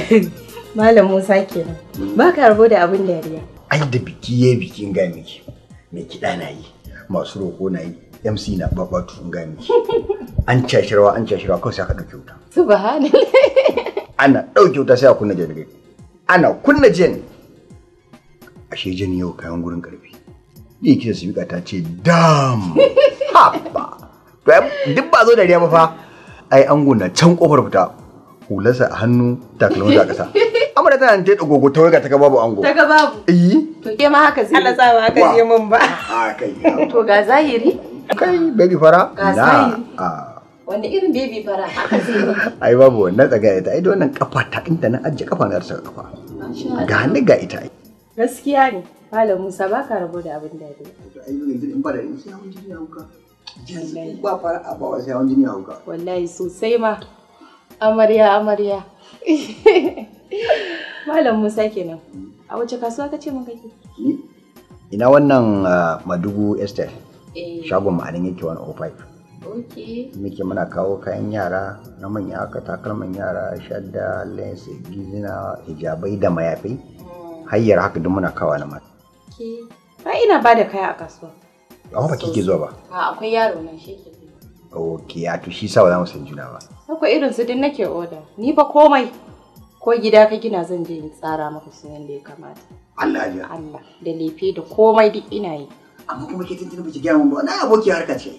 Malam Musa kenan. Ba ka rabo da abin dariya. Ai da biki ya bikin ga Me Mai kiɗa na yi, masu roko na yi, MC na babatu tun ga miki. An cashirwa an cashirwa kawai sai aka ɗauke wuta. Subhanallah. Ana ɗauke wuta sai a kunna janire. Ana kunna jen. Ashe jen yau kayan gurin ƙarfi. Ni kisa su ta ce dam. Haba. To duk ba zo dariya ba fa. Ai ango na can kofar fita hulasa a hannu takalminsa a ƙasa amara tana ta dago ta waga ta ga babu ango ta ga babu eh to ke ma haka zai Allah sa haka je mun ba to ga zahiri kai baby fara ga zahiri wanda irin baby fara haka zai ai babu wannan tsaga ita ai wannan kafa ta inda nan ajiye kafa na rasa kafa ga ni ga ita gaskiya ne malam Musa baka rabo da abin da dai ai yanzu in ba da in sai hawan jini hauka ba fara a ba sai hawan jini hauka wallahi sosai ma Amarya, amarya. Malam Musa kenan. A wace kasuwa kace mun kake? Ina wannan ah, Madugu Estate. Eh. Shagon ma'anin yake 105. Okay. Muke muna kawo kayan yara na manya aka takalman yara shadda lens gizina hijabai da mayafi. Hmm. Hayyar haka duk muna kawo na mata. Ba ina bada kaya a kasuwa. Amma ba kike zuwa ba. Akwai yaro nan shi ke. ok a to shi sa ba za mu san juna ba akwai irin su din nake oda ni fa komai ko gida ka gina zan je in tsara maka su yanda ya kamata Allah ya Allah da lefe da komai duk ina yi amma kuma ke tintin biki gaya mun ba na aboki harka ce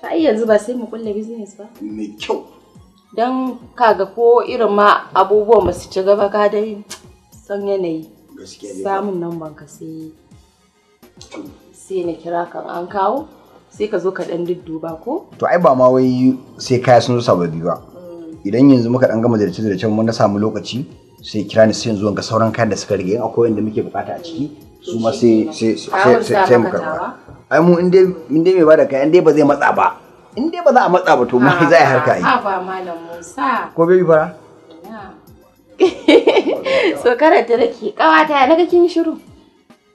ta ai yanzu ba sai mu kulle business ba mai kyau dan kaga ko irin ma abubuwan ba su ci gaba ka dai san yanayi samun nan banka sai sai na kira kan an kawo sai ka zo ka dan dudduba ko to ai ba ma wai sai kaya sun zo sababbi ba mm. idan yanzu muka dan gama zirce zircen mun na samu lokaci sai kira ni sai yanzu ga sauran kayan da suka rige akwai wanda muke bukata a ciki su ma sai sai sai mu karba ai mu in dai mai bada kayan dai ba zai matsa ba in dai ba za a matsa ba to mai za a harka yi ba malam Musa ko bai fara so karanta da ke kawata na ga kin shiru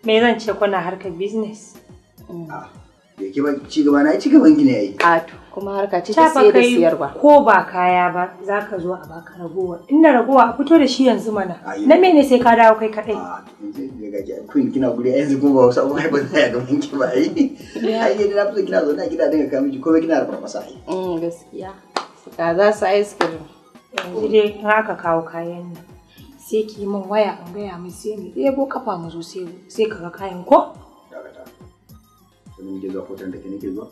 me zan ce kuna harkar business ah. da ke ba ci gaba na ci gaban gine yayi a to kuma harka ce ta siye da siyarwa ko ba kaya ba za ka zo a baka ragowa inda ragowa a fito da shi yanzu mana na me ne sai ka dawo kai kadai a to yanzu daga ji kun kina guri yanzu ko ba wasu abubuwa ba za ya gaban ki ba yi ai ne na fito kina zo na gida dinga kawo miki ko kina da farfasa ai mm gaskiya ka za su ice cream yanzu dai in kawo kayan nan sai ki yi min waya in gaya min sai mu ɗebo kafa mu zo sai ka ga kayan ko sannan nake zuwa kotan da ke nake zuwa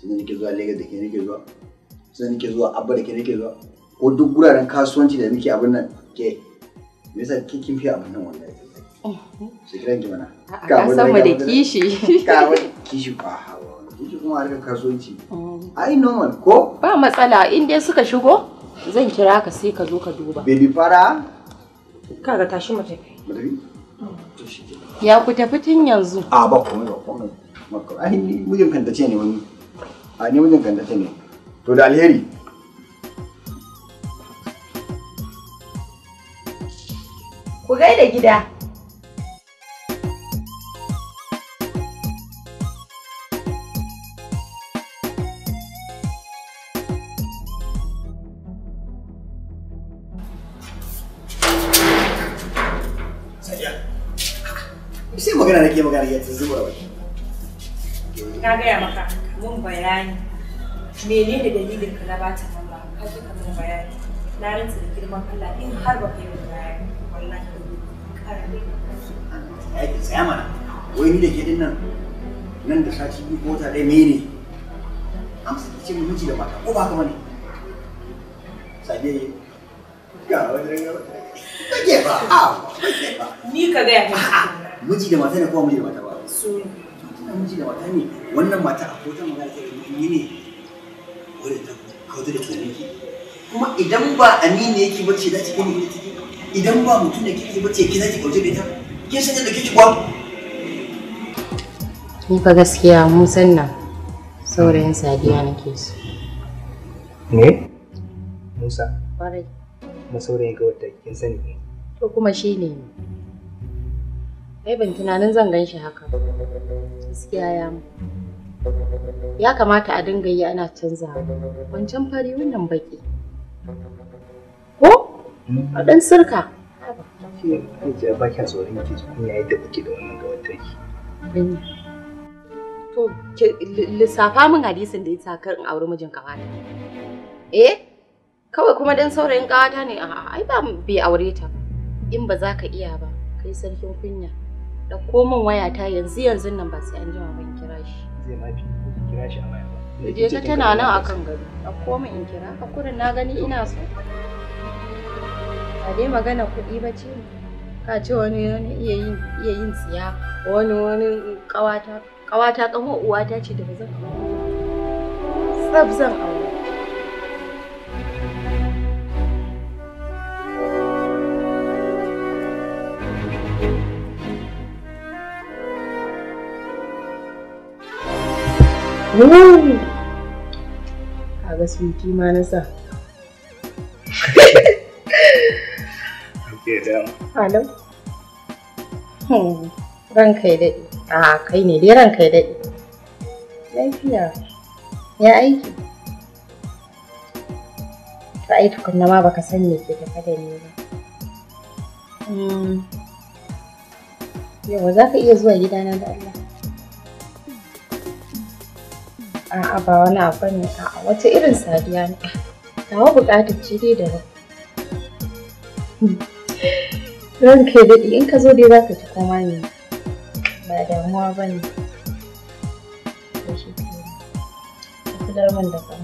sannan nake zuwa lagos da ke nake zuwa sannan nake zuwa abba da ke nake zuwa ko duk guraren kasuwanci da muke abin nan ke me yasa ke kin fi abin nan wallahi sai kiran ki mana ka sama da kishi ka kishi ba kishi kuma harkar kasuwanci oh. ai normal ko ba matsala in dai suka shigo zan kira ka sai ka zo ka duba baby fara kaga tashi mu tafi mu tafi Ya ku tafi tun yanzu. A ba komai ba komai. Ai ni mijin kantace ne wani. A ni mijin kantace ne. To da alheri. Ku gaida gida. sai magana da ke magana ya zuwa wani na gaya maka mun bayani menene dalilin ka na ta nan ba ka ji mun bayani na rantsa da girman Allah in har ba kai bayani wallahi karami ai yi tsaya mana wai ni da ke din nan nan da sati biyu ko ta dai mene amsa ce mun miji da mata ko ba ka bane sabe ga ga wani kake ba a kake ba ni ka gaya ya miji da mata ne kuma miji da mata ba su tana miji da mata ne wannan mata a kotun magana ta yi ne wadda ta kautar da tunanin ki kuma idan ba amini yake ba ce za ki ne ki take idan ba mutum ne kike ba ce ki za ki kauce da ita kin san da kike kuwa ni fa gaskiya mun san nan saurayin sadiya nake so ne musa kwarai kuma saurayin ga wata kin sani to kuma shi ne Ai ban tunanin zan gan shi haka. Gaskiya ya mu. Ya kamata a dinga yi ana canza wancan fari wannan baki. Ko? A ɗan sirka. Ke ajiya ba kya tsoron ki kun yayi da kuke da wannan ga gawar taki. To, lissafa min hadisin da ya sa kar in auri mijin ka kawata. Eh? Kawai kuma dan saurayin kawata ne a'a ai ba bai aure ta In ba za ka iya ba, kai sarkin kunya. da komin wayata yanzu yanzu nan ba sai an jima ban kira shi zai ma fi kira shi a waya ba je ta tana nan in kira ka kurin na gani ina so ba dai magana kuɗi ba ce ka ce wani wani iya yin iya tsiya wani wani kawata kawata kamo uwata ce da ba zan zan a ga suki ma na sa Hello. Hmm, ranka ya daɗe. A kai ne dai ranka ya daɗe. Lafiya. Ya aiki. Ba ai tukunna ma baka san me ke tafa da ni ba. Hmm. Yawa za ka iya zuwa gidana da Allah. A'a ba wani abu ne a'a wata irin sadiya ne. Tawa buƙatar ce dai da Ranka ya daɗi in ka zo dai za ka ci koma ne. Ba damuwa ba ne. Da shi ke. Ka darman da kan.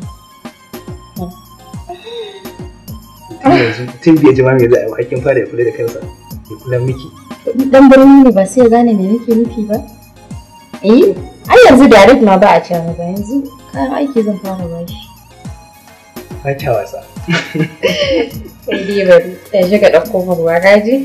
Tun biya jama'a mai za a hakkin fara ya kula da kansa. Ya kula miki. Dan birni ne ba sai ya gane me nake nufi ba. Eh? yanzu direct ma ba a can ba yanzu kayan aiki zan fara ba shi. Ba ta wasa. Sai dai bari, ruwa gaji.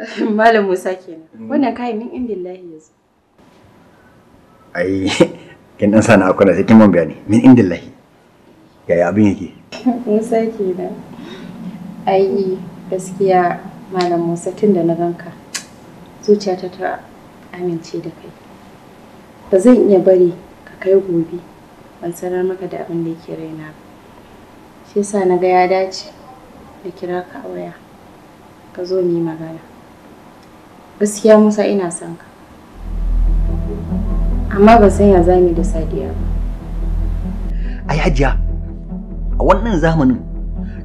Malam Musa kenan. Mm. Wannan kayan min indin lahi yanzu. Ai, kin dan sana akwai sai kin mun bayani. Min indin lahi. Yaya abin yake? Musa kenan. Ai, gaskiya Malam Musa tun da na ganka. Zuciyata ta amince da kai. Ba zan iya bari ka kai gobe ban sanar maka da abin da yake raina ba. Shi yasa na ga ya dace da kira ka a waya. Ka zo mu yi magana. gaskiya musa ina son ka amma ba san ya zami da sadiya ba ai hajiya a wannan zamanin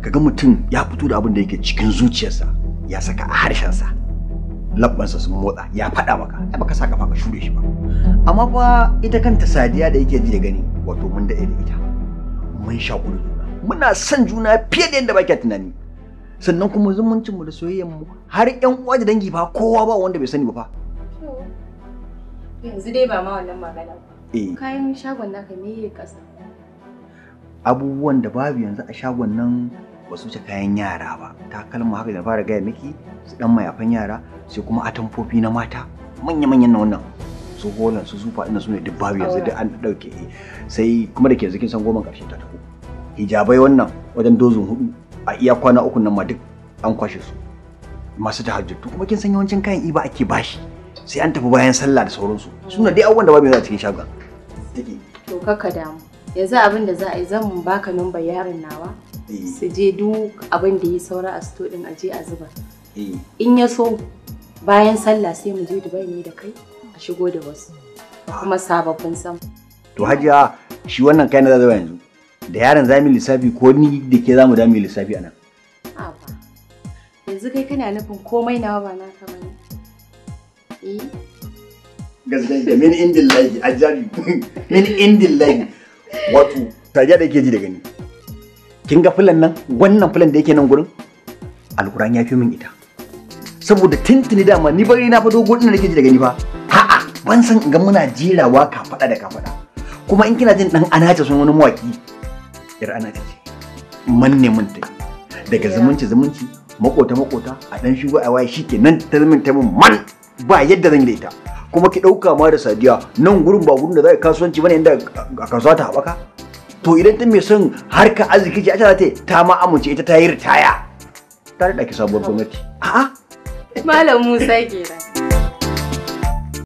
kaga mutum ya fito da abin da yake cikin zuciyarsa ya saka a harshen harshensa labbansa sun motsa ya faɗa maka ai baka sa kafa ka shure shi ba amma fa ita kanta sadiya da yake ji da gani wato mun da ita mun sha muna son juna fiye da yadda ba tunani sannan kuma zumuncinmu da soyayyanmu har yan uwa da dangi ba kowa ba wanda bai sani ba fa yanzu dai ba ma wannan magana ba eh. kayan shagon naka me yake kasa abubuwan da babu yanzu a shagon nan ba su kayan yara ba takalma haka da fara gaya miki su dan mayafan yara sai kuma atamfofi na mata manya-manyan na wannan su holan su zufa ina su ne duk babu yanzu da an dauke eh, sai kuma da ke zikin san goma karshe ta tafi. hijabai wannan wajen dozin hudu a iya kwana uku nan ma duk an kwashe su masu tahajjudu kuma kin san yawancin kayan iba ake bashi sai an tafi bayan sallah da sauransu suna dai abubuwan da babu za a cikin shagon take to kaka damu yanzu abin da za a yi zan baka numbar yaron nawa eh. su je duk abin da ya saura a sito din aje a zuba eh. in ya so bayan sallah sai mu je Dubai ne da kai a shigo da wasu kuma sababbin sam to hajiya shi wannan kai na zai yanzu da yaron za mu lissafi ko ni da ke za mu da mu lissafi a nan. yanzu kai kana nufin komai na ba na kama ne. Eh? Gaskan da min indin a ajabi min indin laifi wato tariya da yake ji da gani. Kin ga filan nan wannan filan da yake nan gurin alkuran ya fi min ita. Saboda tintini dama ni bari na fado dogo da nake ji da gani fa. A'a ban san ga muna jirawa ka faɗa da ka faɗa. Kuma in kina jin dan anace sun wani mawaki yar ana ce manne mun ta daga zumunci zumunci makota makota a dan shigo a shi shike nan ta min ta min man ba yadda zan yi ta kuma ki dauka ma da sadiya nan gurin ba gurin da za ka kasuwanci bane inda a kasuwa ta haɓaka to idan ta mai son harka arziki ce a ta ta ma amince ita ta yi ritaya ta da ki sabuwar gwamnati a'a malam Musa kenan